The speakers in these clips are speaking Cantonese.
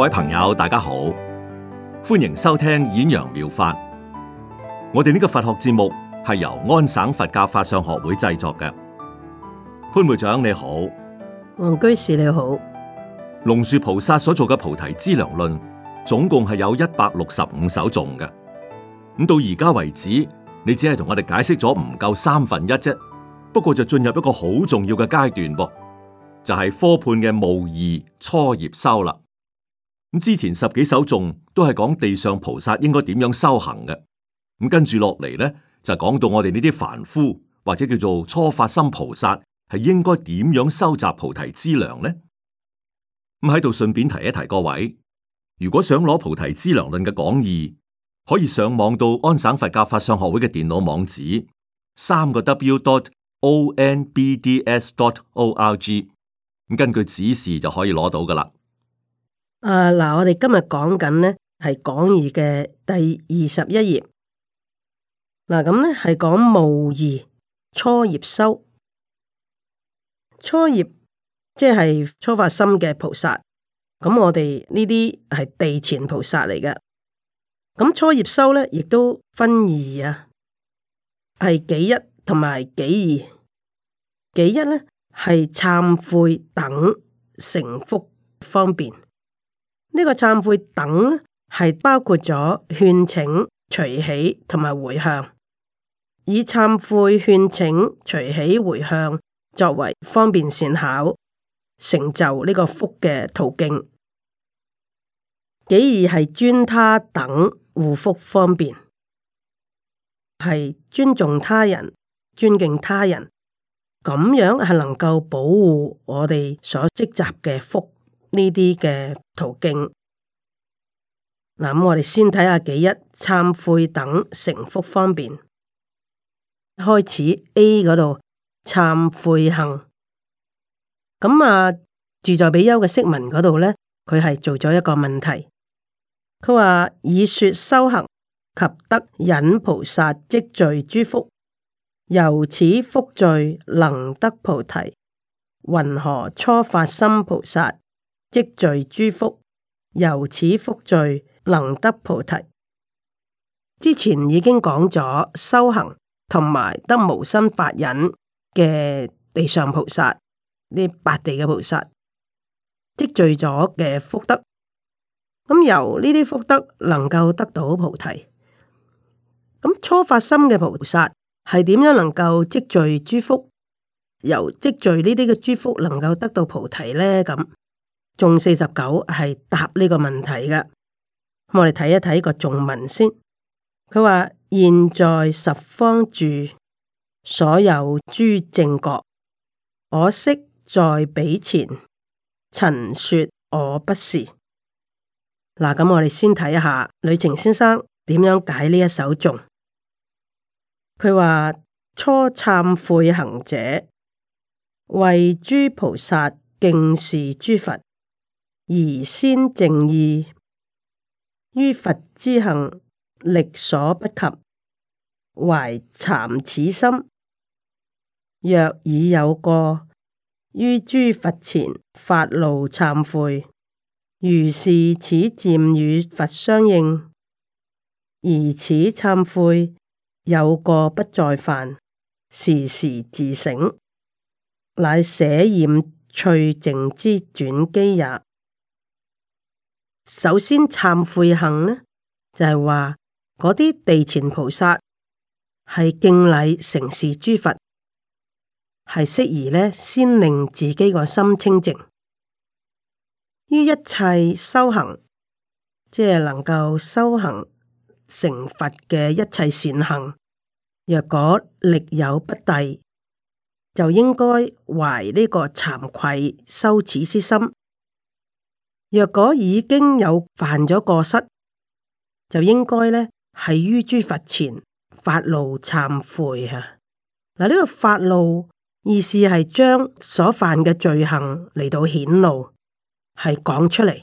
各位朋友，大家好，歡迎收聽《演揚妙，妙法》。我哋呢個佛學節目係由安省佛教法相學會製作嘅。潘會長你好，黃居士你好。龍樹菩薩所做嘅《菩提資糧論》總共係有一百六十五首頌嘅。咁到而家為止，你只係同我哋解釋咗唔夠三分一啫。不過就進入一個好重要嘅階段噃，就係、是、科判嘅模擬初業修啦。咁之前十幾首頌都係講地上菩薩應該點樣修行嘅，咁跟住落嚟咧就講到我哋呢啲凡夫或者叫做初發心菩薩係應該點樣收集菩提資糧呢？咁喺度順便提一提各位，如果想攞《菩提資糧論》嘅講義，可以上網到安省佛教法相學會嘅電腦網址，三個 W dot O N B D S dot O R G，咁根據指示就可以攞到噶啦。啊嗱、呃，我哋今日講緊呢係講義嘅第二十一頁。嗱、啊，咁呢係講戊二初業修，初業即係初發心嘅菩薩。咁我哋呢啲係地前菩薩嚟嘅。咁初業修呢亦都分二啊，係己一同埋己二。己一呢係懺悔等成福方便。呢個懺悔等係包括咗勸請、隨喜同埋回向，以懺悔、勸請、隨喜、回向作為方便善巧成就呢個福嘅途徑。既然係尊他等護福方便，係尊重他人、尊敬他人，咁樣係能夠保護我哋所積集嘅福。呢啲嘅途徑，嗱、啊，那我哋先睇下幾一懺悔等成福方便。開始 A 嗰度懺悔行，咁啊自在比丘嘅釋文嗰度呢，佢係做咗一個問題。佢話以說修行及得忍菩薩積聚諸福，由此福聚能得菩提，云何初發心菩薩？積聚諸福，由此福聚能得菩提。之前已經講咗修行同埋得無生法忍嘅地上菩薩，呢八地嘅菩薩積聚咗嘅福德，咁由呢啲福德能夠得到菩提。咁初發心嘅菩薩係點樣能夠積聚諸福？由積聚呢啲嘅諸福，能夠得到菩提呢？咁。頌四十九係答呢個問題嘅，我哋睇一睇個頌文先。佢話現在十方住所有諸正覺，我昔在彼前曾說我不是。嗱，咁我哋先睇一下呂澄先生點樣解呢一首頌。佢話初懺悔行者為諸菩薩敬事諸佛。而先正義於佛之行力所不及，懷慚恥心。若已有過於諸佛前發露懺悔，如是此漸與佛相應，而此懺悔有過不再犯，時時自省，乃捨染趣淨之轉機也。首先懺悔行呢，就係話嗰啲地前菩薩係敬禮成事諸佛，係適宜呢先令自己個心清淨。於一切修行，即係能夠修行成佛嘅一切善行，若果力有不逮，就應該懷呢個慚愧羞恥之心。若果已經有犯咗過失，就應該呢係於諸佛前發露懺悔啊！嗱，呢個發露意思係將所犯嘅罪行嚟到顯露，係講出嚟。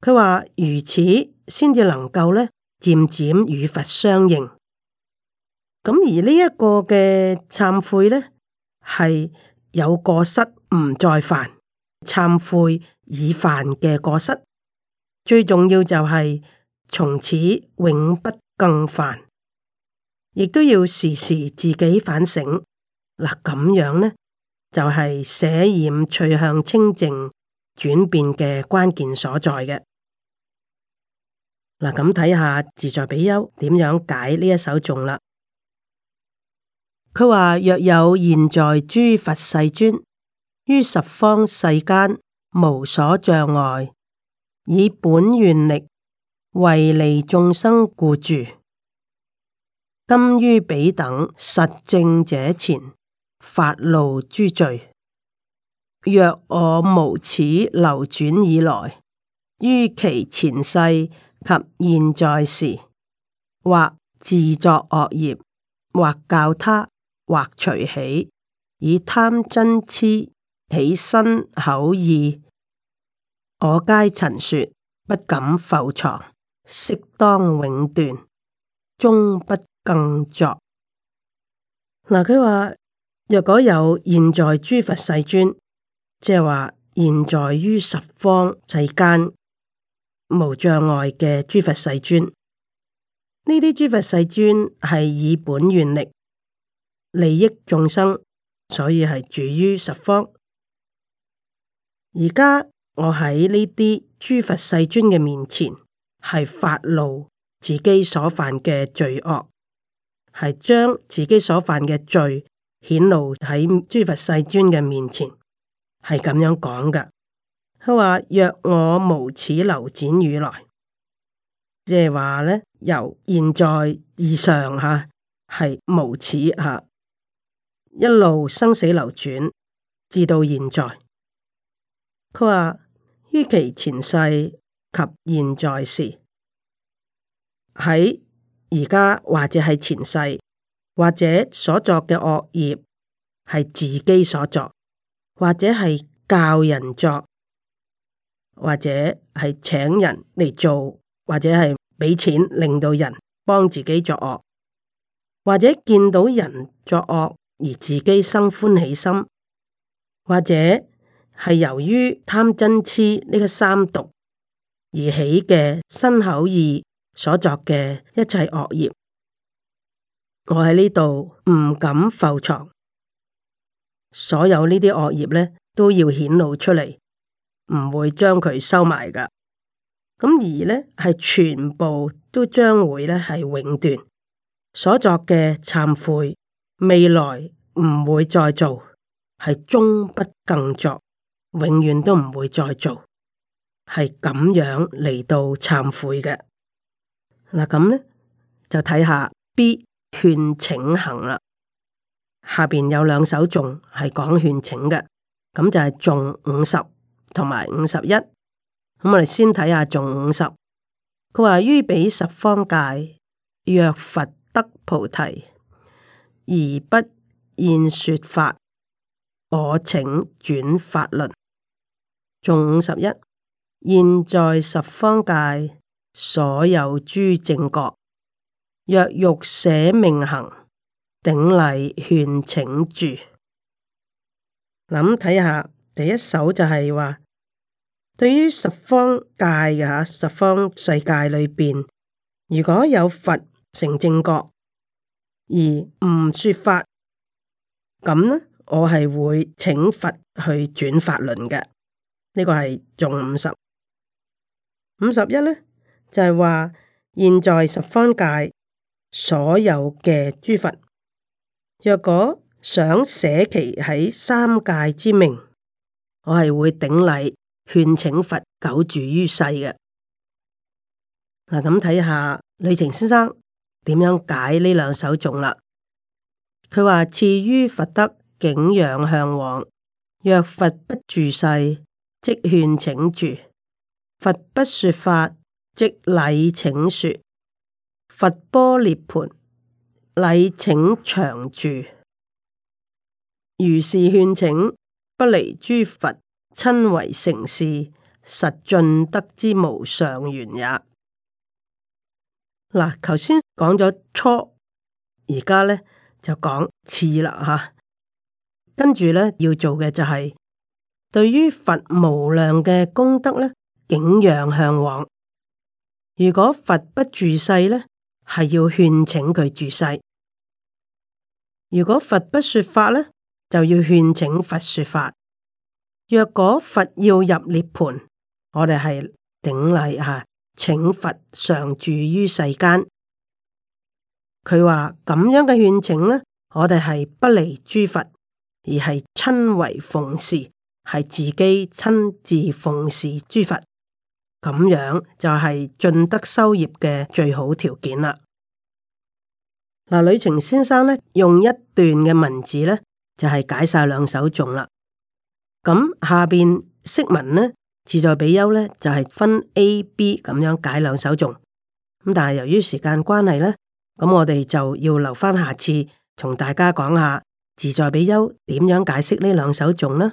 佢話如此先至能夠呢漸漸與佛相應。咁、啊、而呢一個嘅懺悔呢，係有過失唔再犯。懺悔已犯嘅過失，最重要就係從此永不更犯，亦都要時時自己反省。嗱，咁樣呢就係、是、捨染趣向清淨轉變嘅關鍵所在嘅。嗱，咁睇下自在比丘點樣解呢一首頌啦。佢話若有現在諸佛世尊，於十方世間無所障礙，以本願力為利眾生故住。今於彼等實證者前發露諸罪。若我無始流轉以來於其前世及現在時，或自作惡業，或教他，或隨喜以貪嗔癡。起身口意，我皆陳說，不敢覆藏，悉當永斷，終不更作。嗱，佢話若果有現在諸佛世尊，即係話現在於十方世間無障礙嘅諸佛世尊，呢啲諸佛世尊係以本願力利益眾生，所以係住於十方。而家我喺呢啲諸佛世尊嘅面前，係發露自己所犯嘅罪惡，係將自己所犯嘅罪顯露喺諸佛世尊嘅面前，係咁樣講噶。佢話若我無始流轉以來，即係話咧，由現在以上吓，係無始吓，一路生死流轉，至到現在。佢話：於其前世及現在時，喺而家或者係前世，或者所作嘅惡業係自己所作，或者係教人作，或者係請人嚟做，或者係畀錢令到人幫自己作惡，或者見到人作惡而自己生歡喜心，或者。係由於貪嗔痴呢個三毒而起嘅身口意所作嘅一切惡業，我喺呢度唔敢覆藏，所有呢啲惡業咧都要顯露出嚟，唔會將佢收埋噶。咁而呢，係全部都將會咧係永斷所作嘅懺悔，未來唔會再做，係終不更作。永遠都唔會再做，係咁樣嚟到懺悔嘅。嗱，咁呢就睇下 B 勸請行啦。下邊有兩首頌係講勸請嘅，咁就係頌五十同埋五十一。咁我哋先睇下頌五十，佢話，於彼十方界，若佛得菩提，而不現說法，我請轉法輪。仲五十一，現在十方界所有諸正覺，若欲捨命行頂禮勸請住，諗睇下第一首就係話，對於十方界嘅十方世界裏邊，如果有佛成正覺而唔說法，咁呢我係會請佛去轉法輪嘅。呢個係頌五十五十一呢就係、是、話，現在十方界所有嘅諸佛，若果想捨其喺三界之名，我係會頂禮勸請佛久住於世嘅。嗱、啊，咁睇下呂澂先生點樣解呢兩首頌啦。佢話次於佛德景仰向往，若佛不住世。即勸請住，佛不說法，即禮請說。佛波涅盤，禮請長住。如是勸請，不離諸佛，親為成事，實盡得之無上緣也。嗱，頭先講咗初，而家咧就講次啦，吓，跟住咧要做嘅就係、是。對於佛無量嘅功德咧，景仰嚮往。如果佛不住世咧，係要勸請佢住世；如果佛不說法咧，就要勸請佛說法。若果佛要入涅槃，我哋係頂禮啊，請佛常住於世間。佢話咁樣嘅勸請咧，我哋係不離諸佛，而係親為奉事。係自己親自奉事諸佛，咁樣就係盡得修業嘅最好條件啦。嗱、呃，呂澄先生咧用一段嘅文字咧，就係、是、解晒兩首頌啦。咁、嗯、下邊釋文咧，自在比丘咧就係、是、分 A、B 咁樣解兩首頌。咁、嗯、但係由於時間關係咧，咁、嗯、我哋就要留翻下次，同大家講下自在比丘點樣解釋兩呢兩首頌啦。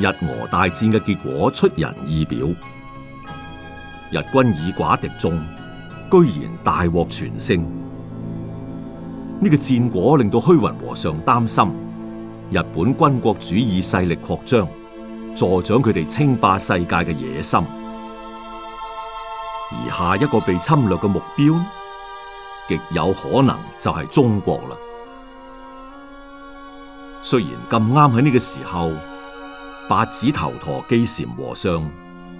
日俄大戰嘅結果出人意表，日軍以寡敵眾，居然大獲全勝。呢、這個戰果令到虛雲和尚擔心，日本軍國主義勢力擴張，助長佢哋稱霸世界嘅野心。而下一個被侵略嘅目標，極有可能就係中國啦。雖然咁啱喺呢個時候。八指頭陀基禪和尚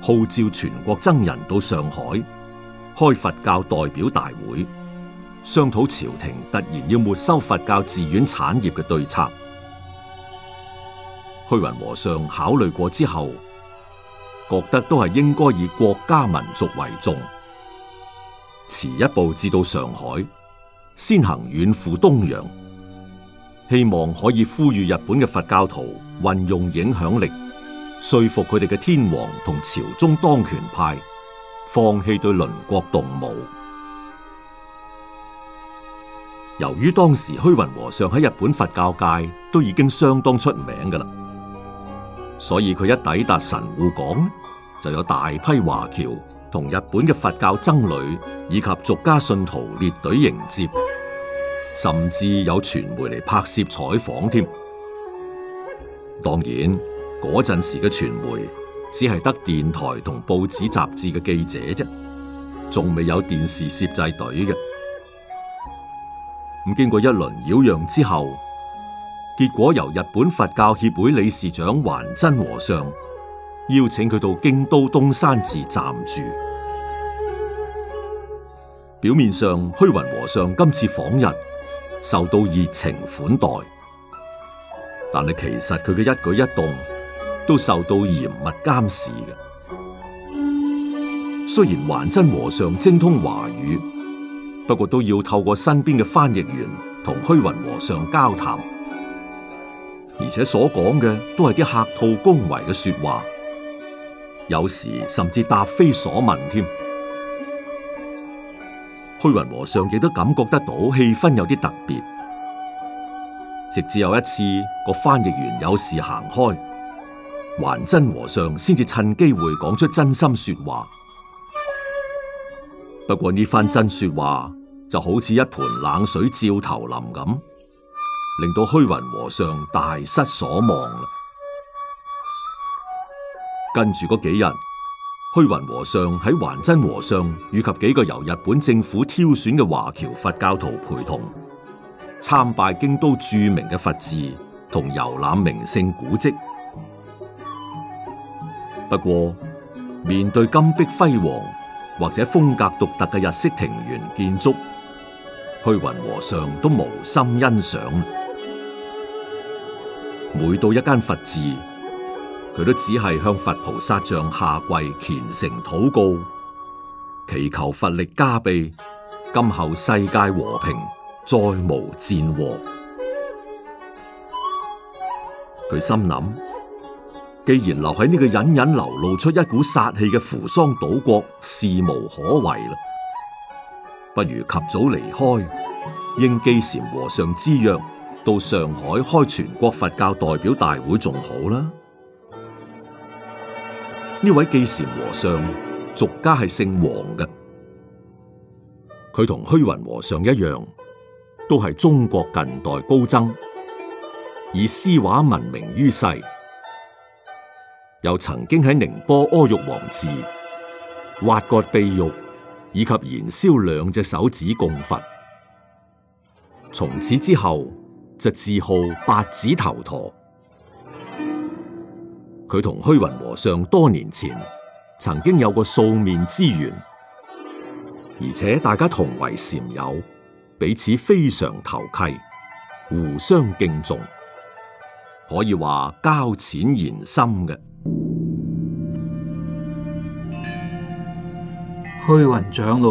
號召全國僧人到上海開佛教代表大會，商討朝廷突然要沒收佛教寺院產業嘅對策。虛雲和尚考慮過之後，覺得都係應該以國家民族為重，遲一步至到上海，先行遠赴東洋。希望可以呼籲日本嘅佛教徒運用影響力，說服佢哋嘅天皇同朝中當權派放棄對鄰國動武。由於當時虛云和尚喺日本佛教界都已經相當出名㗎喇，所以佢一抵達神戶港，就有大批華僑同日本嘅佛教僧侶以及俗家信徒列隊迎接。甚至有傳媒嚟拍攝採訪添。當然，嗰陣時嘅傳媒只係得電台同報紙雜誌嘅記者啫，仲未有電視攝製隊嘅。咁經過一輪擾攘之後，結果由日本佛教協會理事長環真和尚邀請佢到京都東山寺暫住。表面上，虛雲和尚今次訪日受到熱情款待，但係其實佢嘅一舉一動都受到嚴密監視嘅。雖然還真和尚精通華語，不過都要透過身邊嘅翻譯員同虛雲和尚交談，而且所講嘅都係啲客套恭維嘅説話，有時甚至答非所問添。虛雲和尚亦都感覺得到氣氛有啲特別，直至有一次個翻譯員有事行開，還真和尚先至趁機會講出真心說話。不過呢番真說話就好似一盆冷水照頭淋咁，令到虛雲和尚大失所望。跟住嗰幾日。虛雲和尚喺還真和尚以及幾個由日本政府挑選嘅華僑佛教徒陪同，參拜京都著名嘅佛寺同遊覽名勝古跡。不過，面對金碧輝煌或者風格獨特嘅日式庭園建築，虛雲和尚都無心欣賞。每到一間佛寺。佢都只係向佛菩薩像下跪虔誠禱告，祈求佛力加庇，今後世界和平，再無戰禍。佢心諗，既然留喺呢個隱隱流露出一股殺氣嘅扶桑島國，事無可為啦，不如及早離開。應寄禪和尚之約，到上海開全國佛教代表大會，仲好啦。呢位寄禪和尚，俗家係姓王嘅，佢同虛雲和尚一樣，都係中國近代高僧，以詩畫聞名於世，又曾經喺寧波阿育王寺挖掘秘玉，以及燃燒兩隻手指供佛，從此之後就自號八指頭陀。佢同虛雲和尚多年前曾經有過數面之緣，而且大家同為禪友，彼此非常投契，互相敬重，可以話交淺言深嘅。虛雲長老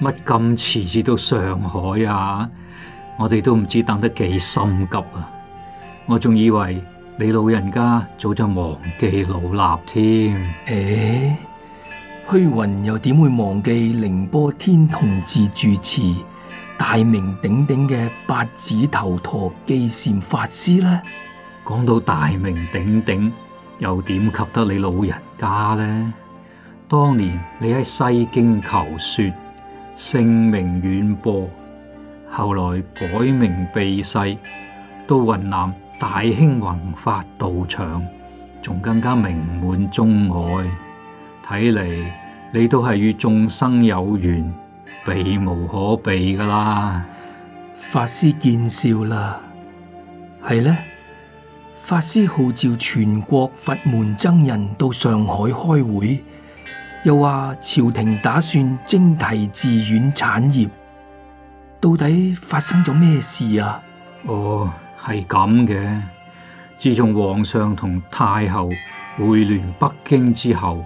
乜咁遲至到上海啊？我哋都唔知等得幾心急啊！我仲以為。你老人家早就忘記老衲添。唉，虛雲又點會忘記寧波天童寺住持大名鼎鼎嘅八指頭陀寄禪法師呢？講到大名鼎鼎，又點及得你老人家呢？當年你喺西京求說，聲名遠播，後來改名避世到雲南。大興宏法道場，仲更加名滿中外。睇嚟你都係與眾生有緣，避無可避噶啦。法師見笑啦，係呢？法師號召全國佛門僧人到上海開會，又話朝廷打算徵提寺院產業，到底發生咗咩事啊？哦。係咁嘅，自從皇上同太后回鑾北京之後，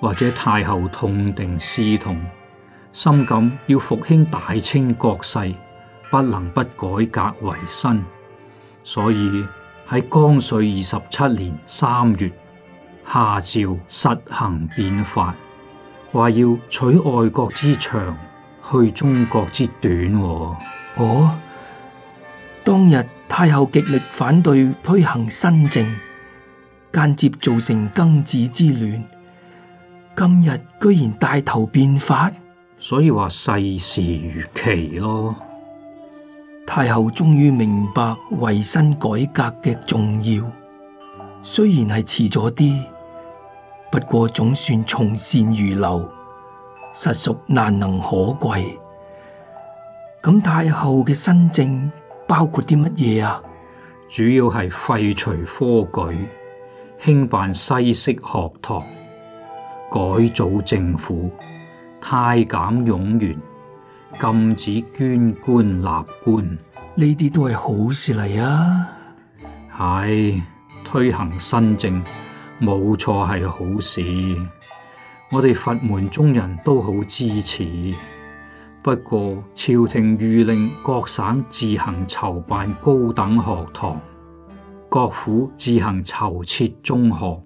或者太后痛定思痛，深感要復興大清國勢，不能不改革為新，所以喺光緒二十七年三月下詔實行變法，話要取外國之長，去中國之短哦。哦。當日太后極力反對推行新政，間接造成庚子之亂。今日居然帶頭變法，所以話世事如棋咯。太后終於明白維新改革嘅重要，雖然係遲咗啲，不過總算從善如流，實屬難能可貴。咁太后嘅新政。包括啲乜嘢啊？主要係廢除科舉，興辦西式學堂，改組政府，汰減冗員，禁止捐官立官，呢啲都係好事嚟啊！係推行新政，冇錯係好事，我哋佛門中人都好支持。不過朝廷諭令各省自行籌辦高等學堂，各府自行籌設中學，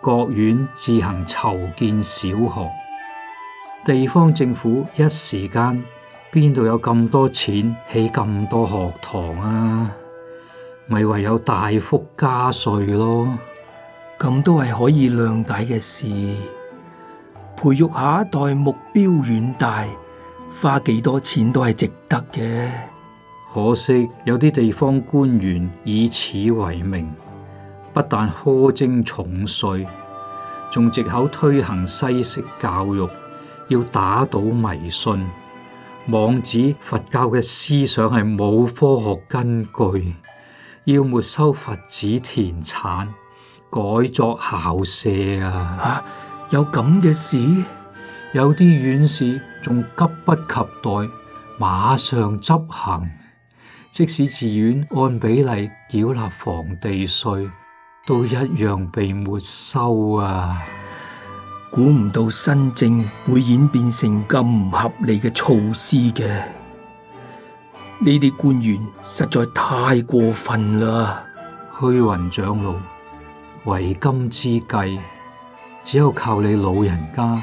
各縣自行籌建小學。地方政府一時間邊度有咁多錢起咁多學堂啊？咪唯有大幅加稅咯。咁都係可以諒解嘅事，培育下一代目標遠大。花幾多錢都係值得嘅，可惜有啲地方官員以此為名，不但苛徵重稅，仲藉口推行西式教育，要打倒迷信，妄指佛教嘅思想係冇科學根據，要沒收佛寺田產，改作校舍啊！啊，有咁嘅事？有啲院士仲急不及待，馬上執行，即使寺院按比例繳納房地稅，都一樣被沒收啊！估唔到新政會演變成咁唔合理嘅措施嘅，呢啲官員實在太過分啦！虛雲長老，為今之計，只有靠你老人家。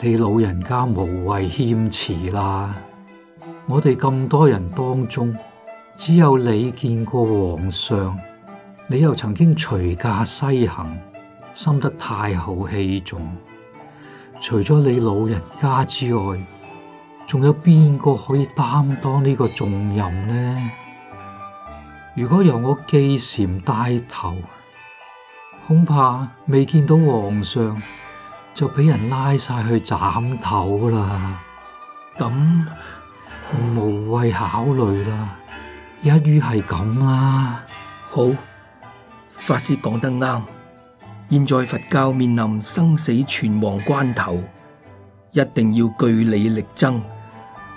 你老人家無謂謙辭啦！我哋咁多人當中，只有你見過皇上，你又曾經隨駕西行，深得太后器重。除咗你老人家之外，仲有邊個可以擔當呢個重任呢？如果由我寄禪帶頭，恐怕未見到皇上。就俾人拉晒去砍頭啦！咁無謂考慮啦，一於係咁啦。好，法師講得啱。現在佛教面臨生死存亡關頭，一定要據理力爭，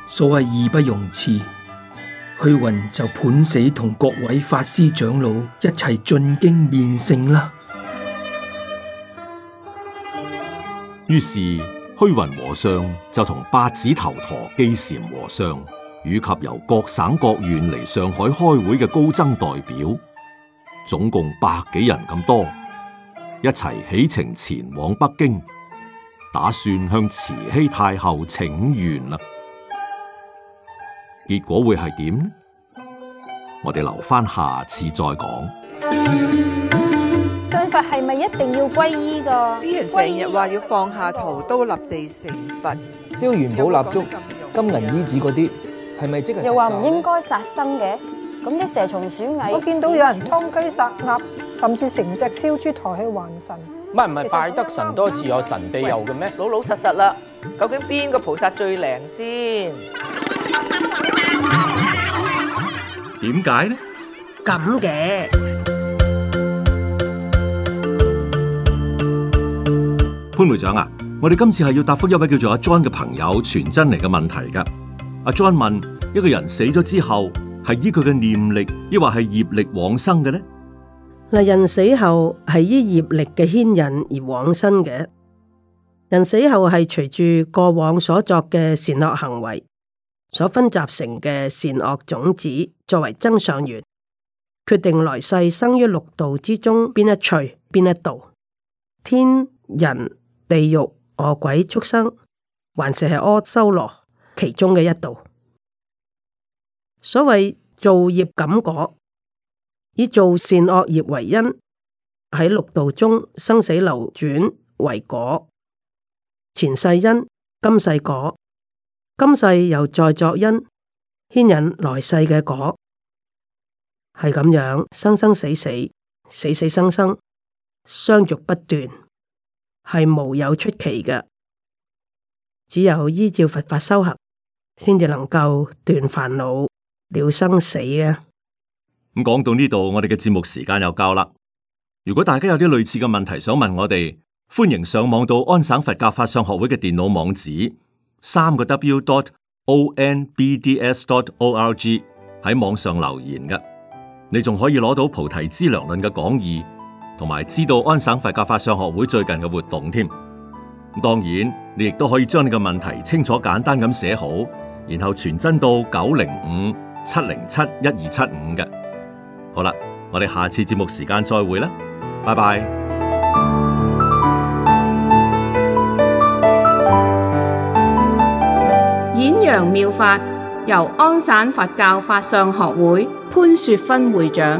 所謂義不容辭。虛雲就判死同各位法師長老一齊進京面聖啦。於是虛雲和尚就同八指頭陀、基禪和尚以及由各省各縣嚟上海開會嘅高僧代表，總共百幾人咁多，一齊起，起程前往北京，打算向慈禧太后請願啦。結果會係點呢？我哋留翻下，下次再講。係咪一定要皈依噶？啲人成日話要放下屠刀立地成佛，燒元寶蠟燭、金銀衣紙嗰啲，係咪即係？又話唔應該殺生嘅，咁啲蛇蟲鼠蟻，我見到有人劏雞殺鴨，甚至成隻燒豬抬去還神。唔係唔係，拜得神多自有神庇佑嘅咩？老老實實啦，究竟邊個菩薩最靈先？點解呢？咁嘅。潘會長啊，我哋今次係要答覆一位叫做阿 John 嘅朋友傳真嚟嘅問題㗎。阿 John 問：一個人死咗之後，係依佢嘅念力，抑或係業力往生嘅呢？」嗱，人死後係依業力嘅牽引而往生嘅。人死後係隨住過往所作嘅善惡行為，所分集成嘅善惡種子作為增上緣，決定來世生於六道之中邊一趣邊一道。天人。地獄惡鬼畜生，還是係阿修羅其中嘅一道。所謂造業感果，以造善惡業為因，喺六道中生死流轉為果。前世因，今世果，今世又再作因，牽引來世嘅果，係咁樣生生死死，死死生生，相續不斷。係無有出奇嘅，只有依照佛法修行，先至能夠斷煩惱、了生死啊。咁講到呢度，我哋嘅節目時間又夠啦。如果大家有啲類似嘅問題想問我哋，歡迎上網到安省佛教法相學會嘅電腦網址，三個 W dot O N B D S dot O R G 喺網上留言嘅。你仲可以攞到《菩提資糧論》嘅講義。同埋知道安省佛教法上學會最近嘅活動添，當然你亦都可以將你嘅問題清楚簡單咁寫好，然後傳真到九零五七零七一二七五嘅。好啦，我哋下次節目時間再會啦，拜拜。演揚妙法由安省佛教法上學會潘雪芬會長